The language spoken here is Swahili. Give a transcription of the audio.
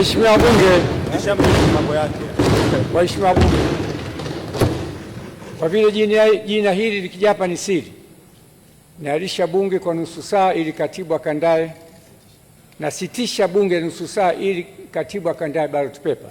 Waheshimiwa wabunge, waheshimiwa wabunge, kwa vile jina, jina hili likijapa ni siri, naalisha bunge kwa nusu saa ili katibu akandae, nasitisha bunge nusu saa ili katibu akandae ballot paper.